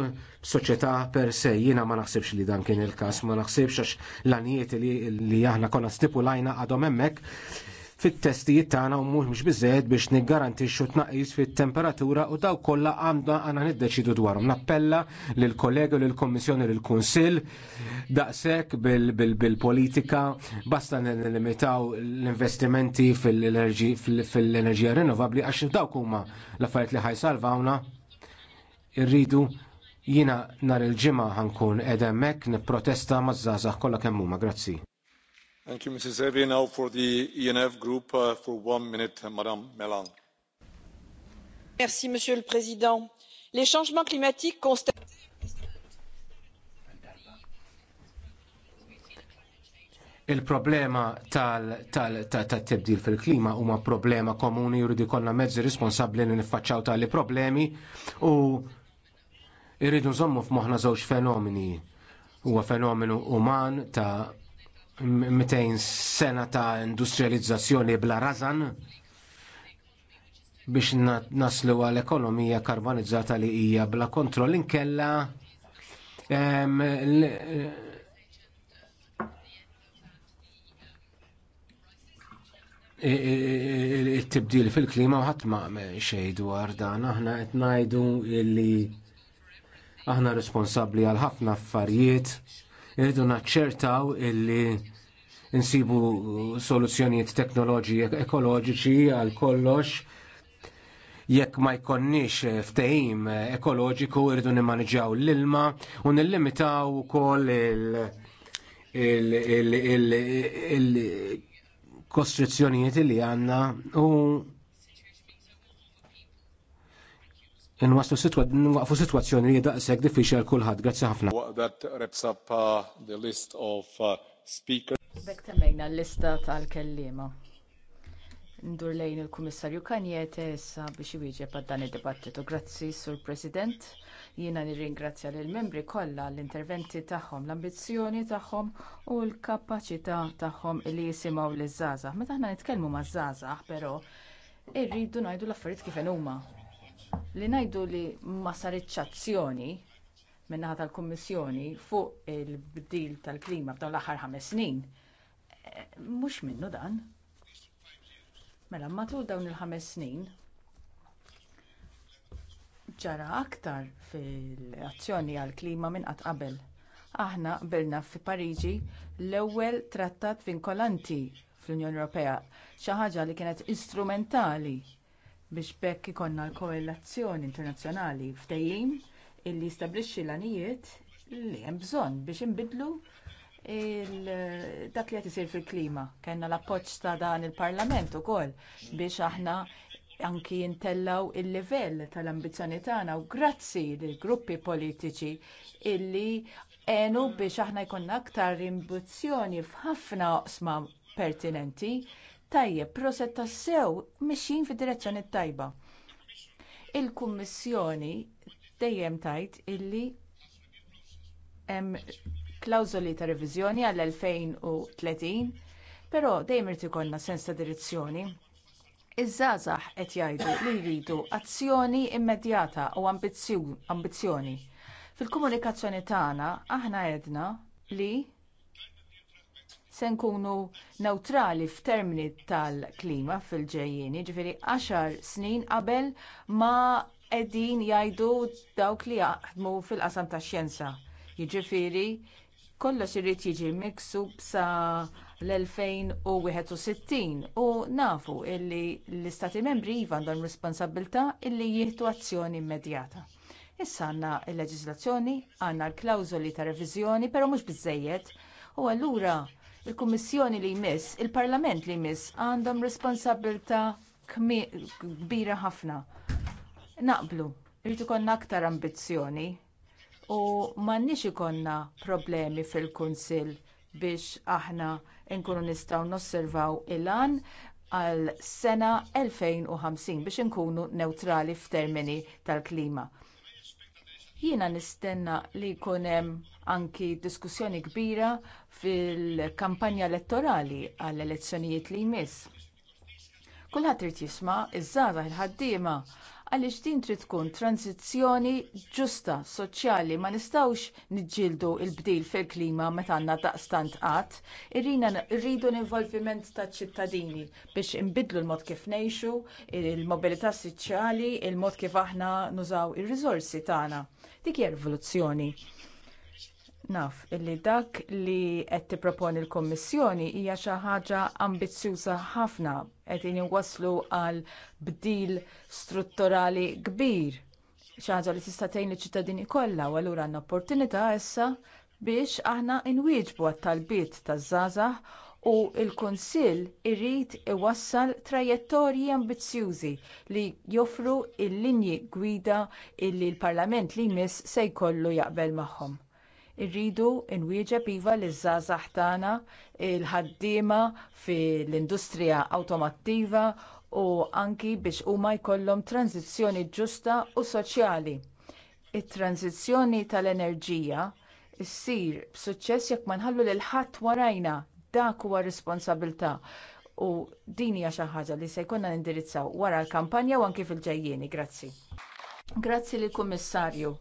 soċjetà per se jiena ma naħsibx li dan kien il-każ, ma naħsibx għax l-anijiet li, li aħna konna stipulajna għadhom hemmhekk fit-testijiet tagħna u mhux biżejjed biex niggarantixxu tnaqqis fit-temperatura u daw kollha għandna għandna niddeċidu dwarhom. Nappella lil kollega lil kummissjoni lil kunsill daqshekk bil-politika basta nilimitaw l-investimenti fil-enerġija rinnovabbli għax dawk huma l-affarijiet li ħajsalvawna irridu jina nar il-ġimgħa ħankun qed hemmhekk nipprotesta maż-żgħażagħ kollha kemm huma, grazzi. Monsieur le Président. Les changements climatiques constatés. Il-problema tal-tibdil fil-klima huma problema komuni jridu jkollna mezzi responsabbli li niffaċċaw tali problemi u jridu nżommu f'moħħna żewġ fenomeni. Huwa fenomenu uman ta' 200 sena ta' industrializzazzjoni bla razan biex naslu għal ekonomija karbonizzata li hija bla kontroll inkella il-tibdil fil-klima ħadd ma xej dwar dan aħna qed ngħidu li aħna responsabbli għal ħafna affarijiet Irridu naċċertaw illi insibu soluzzjonijiet teknoloġiji ekoloġiċi għal kollox jekk ma jkonniex ftehim ekoloġiku irridu nimmaniġaw l-ilma u nillimitaw ukoll il-kostrizzjonijiet li għandna u nwaqfu situazzjoni li daqshekk diffiċli għal kulħadd. Grazzi ħafna. That wraps up uh, the list of uh, speakers. Bek temmejna l-lista tal-kellima. Ndur lejn il-Kummissarju Kanjete issa biex iwieġeb għad dan id-dibattitu. Grazzi, Sur President. Jiena nirringrazzja lill membri kollha l-interventi tagħhom, l-ambizzjoni tagħhom u l-kapaċità tagħhom li jisimgħu liż-żgħażagħ. Meta aħna nitkellmu maż-żgħażagħ però irridu ngħidu l-affarijiet kif huma li ngħidu li ma saritx azzjoni min-naħa tal-Kummissjoni fuq il-bdil tal-klima f'dawn l-aħħar ħames snin, eh, mhux minnu dan. Mela matul dawn il-ħames snin ġara aktar fil-azzjoni għall-klima minn qatt qabel. Aħna qbilna fi Pariġi l-ewwel trattat vinkolanti fl-Unjoni Ewropea, xi ħaġa li kienet instrumentali biex bekk ikonna l-koalizzjoni internazzjonali ftehim illi stablixxi l-anijiet li hemm bżonn biex inbidlu dak li qed isir fil-klima. Kenna l-appoġġ ta' dan il-Parlament ukoll biex aħna anki jintellaw il-livell tal-ambizzjoni tagħna u grazzi lill gruppi politiċi illi għenu biex aħna jkollna aktar imbuzzjoni f'ħafna oqsma pertinenti Tajjeb, proset tassew mixin fid direzzjoni tajba. Il-Kummissjoni dejjem tajt illi hemm klawżoli ta' reviżjoni għall-2030, però dejjem irid ikollna sens ta' direzzjoni. Iż-żgħażagħ qed jgħidu li jridu azzjoni immedjata u ambizzjoni. Fil-komunikazzjoni tagħna aħna għedna li se nkunu newtrali f'termini tal-klima fil-ġejjien, jiġifieri għaxar snin qabel ma qegħdin jgħidu dawk li jaħdmu fil-qasam tax-xjenza. Jiġifieri kollox irid jiġi miksub sa l-2061 u nafu li l-istati membri iva għandhom responsabilta illi jieħdu azzjoni immedjata. Issa għandna l leġiżlazzjoni għandna l-klawżoli ta' reviżjoni, però mhux biżżejjed. U allura il-Kummissjoni li jmiss, il-Parlament li jmiss għandhom responsabilta kbira ħafna. Naqblu, rritu konna aktar ambizzjoni u m'għandniex ikollna problemi fil-Kunsill biex aħna nkunu nistgħu nosservaw il-għan għal sena 2050 biex inkunu neutrali f'termini tal-klima. Jiena nistenna li jkun hemm anki diskussjoni kbira fil-kampanja elettorali għall elezzjonijiet li jmiss. Kulħadd irid jisma' iż-żgħażagħ il-ħaddiema għaliex din trid tkun tranzizzjoni ġusta, soċjali, ma nistgħux niġġieldu l-bdil fil-klima meta għandna daqstant qatt. Irrina rridu l-involviment taċ ċittadini biex inbidlu l-mod kif ngħixu, il-mobilità soċjali, il-mod kif aħna nużaw ir-riżorsi tagħna. Dik hija rivoluzzjoni naf illi dak li qed tipproponi l-Kummissjoni hija xi ħaġa ambizzjuża ħafna qed waslu għal bdil strutturali kbir. Xi ħaġa li tista' tgħin liċ-ċittadini kollha u allura għandna opportunità issa biex aħna nwieġbu għat-talbiet taż-żgħażagħ u l-Kunsill irid iwassal trajettorji ambizzjużi li joffru l linji gwida li l-Parlament li jmiss se jkollu jaqbel magħhom irridu nwieġeb iva li żgħażagħ tagħna il-ħaddiema fil-industrija awtomattiva u anki biex huma jkollhom tranzizzjoni ġusta u soċjali. It-tranzizzjoni tal-enerġija ssir b'suċċess jekk ma nħallu lil ħadd warajna dak huwa responsabilità u din hija xi ħaġa li se jkollna nindirizzaw wara l-kampanja u anki fil-ġejjieni. Grazzi. Grazzi lill kummissarju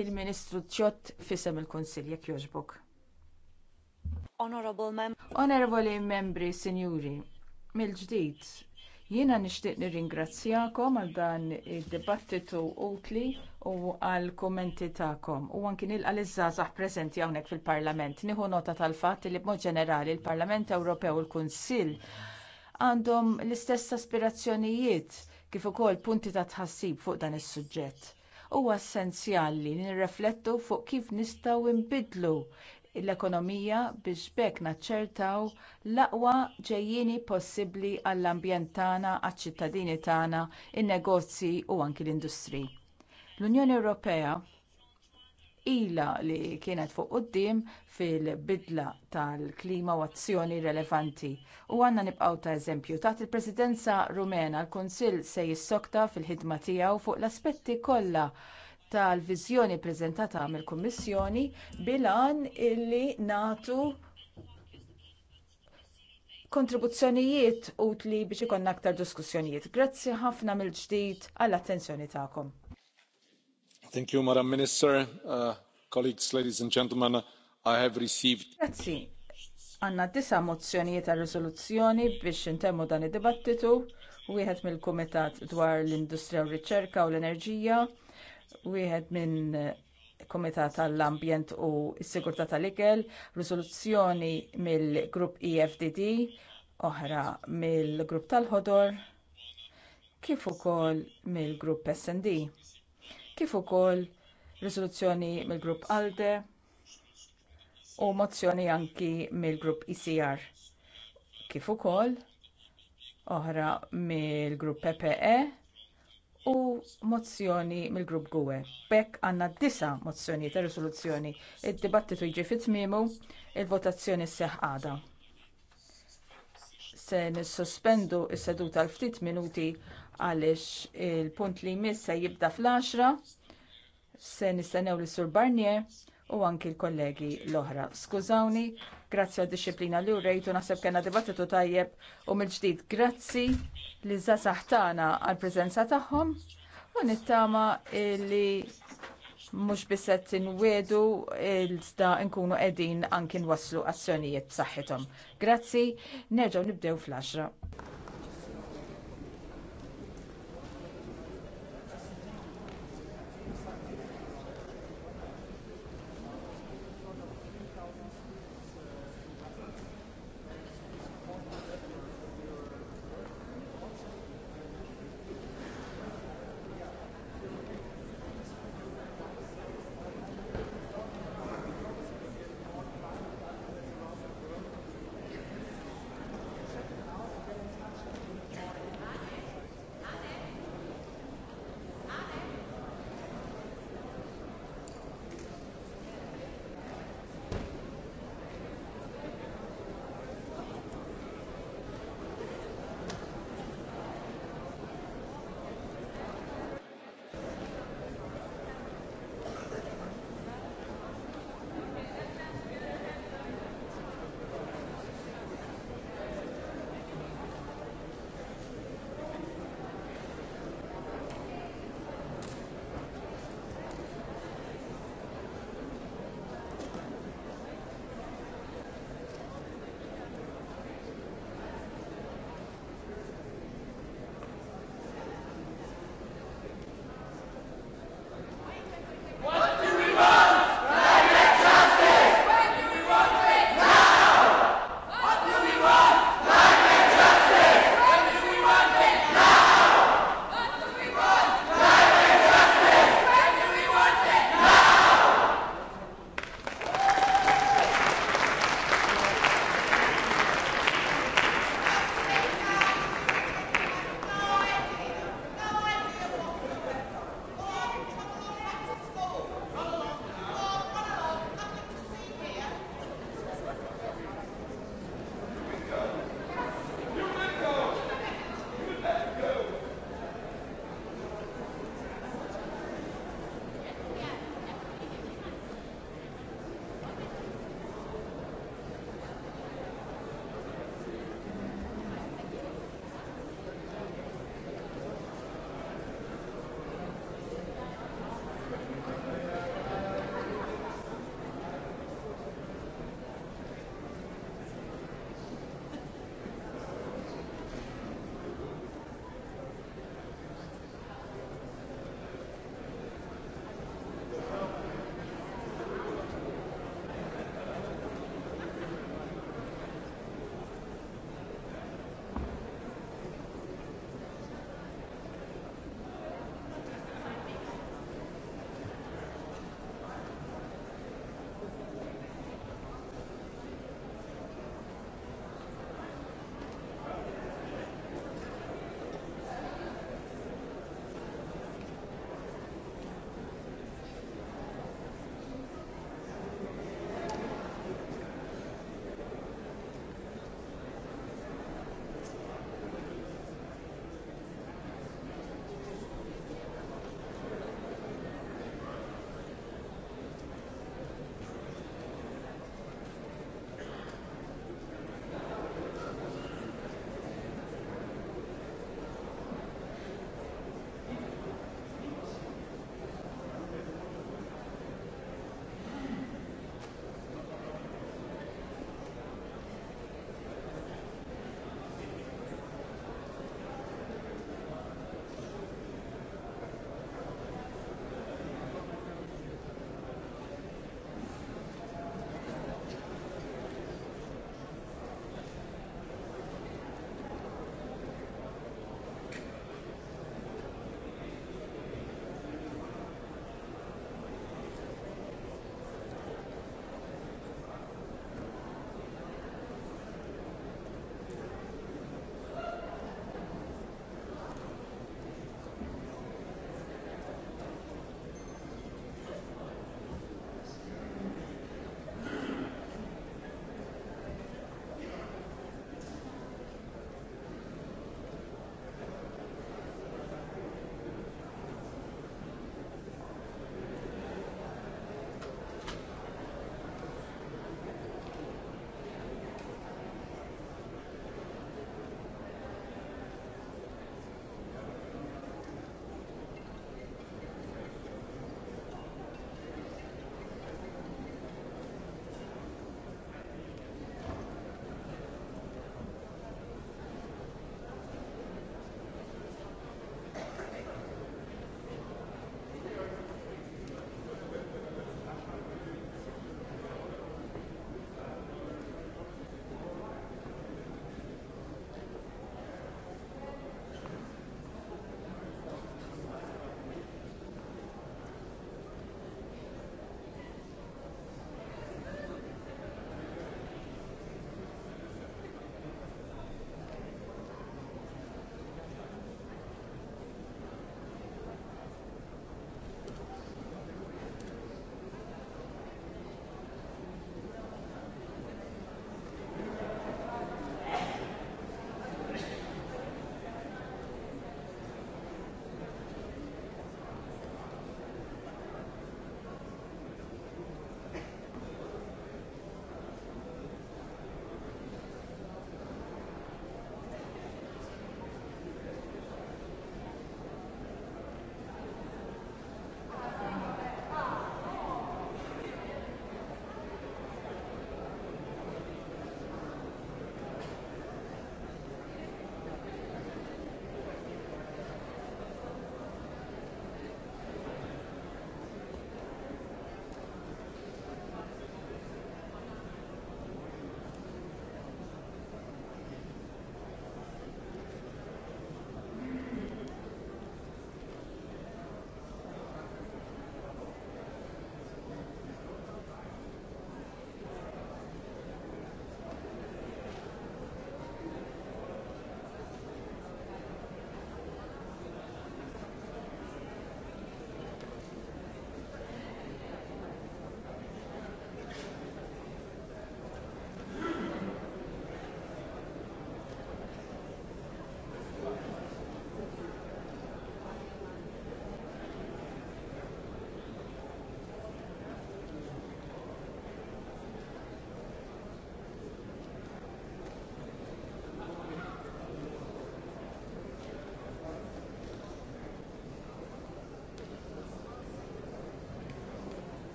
il-Ministru ċott fisem il-Konsil jekk jogħġbok. Honorable mem Honorable membri, sinjuri, mill-ġdid, jiena nixtieq nirringrazzjakom għal dan id-dibattitu utli u għal kommenti tagħkom u anki nilqa' iż-żgħażagħ preżenti hawnhekk fil-Parlament. Nieħu nota tal-fatt li b'mod ġenerali l parlament Ewropew u l-Kunsill għandhom l-istess aspirazzjonijiet kif ukoll punti ta' tħassib fuq dan is-suġġett huwa essenzjali li nirreflettu fuq kif nistgħu nbiddlu l-ekonomija biex bekk naċċertaw l-aqwa ġejjieni possibbli għall-ambjent tagħna, għaċ-ċittadini tagħna, in-negozji u anki l-industri. L-Unjoni Ewropea ilha li kienet fuq quddiem fil-bidla tal-klima u azzjoni relevanti. U għandna nibqgħu ta' eżempju taħt il-Presidenza Rumena l-Kunsill se jissokta fil-ħidma tiegħu fuq l-aspetti kollha tal-viżjoni ppreżentata mill-Kummissjoni bilan illi nagħtu kontribuzzjonijiet utli biex ikollna aktar diskussjonijiet. Grazzi ħafna mill-ġdid għall-attenzjoni tagħkom. Thank you, Madam Minister. Uh, colleagues, ladies and gentlemen, I have received. Grazzi. Għanna disa mozzjonijiet ta' riżoluzzjoni biex intemmu dan id-dibattitu, wieħed mill-Kumitat dwar l-Industrija u r-Riċerka u l-Enerġija, wieħed minn Kumitat tal-Ambjent u s-Sigurtà tal-Ikel, riżoluzzjoni mill-Grupp EFDD, oħra mill-Grupp tal-Ħodor, kif ukoll mill-Grupp SD kif ukoll riżoluzzjoni mill-grupp ALDE u mozzjoni anki mill-grupp ICR. E kif ukoll oħra mill-grupp PPE u mozzjoni mill-grupp GUE. B'hekk għandna disa mozzjoni ta' riżoluzzjoni Id-dibattitu jiġi fit-tmiemu, il-votazzjoni sseħħ għadha. Se nissospendu s seduta għal ftit minuti għaliex il-punt li jmiss se jibda fl-10 se nistennew li sur Barnier u anki l-kollegi l-oħra. Skużawni, grazzi għad disciplina li rejtu naħseb kena dibattitu tajjeb u mill-ġdid grazzi li zazax tagħna għall preżenza tagħhom u nittama li mhux biset inwedu il-sta nkunu qegħdin anki nwasslu azzjonijiet b'saħħithom. Grazzi, nerġgħu nibdew fl-10.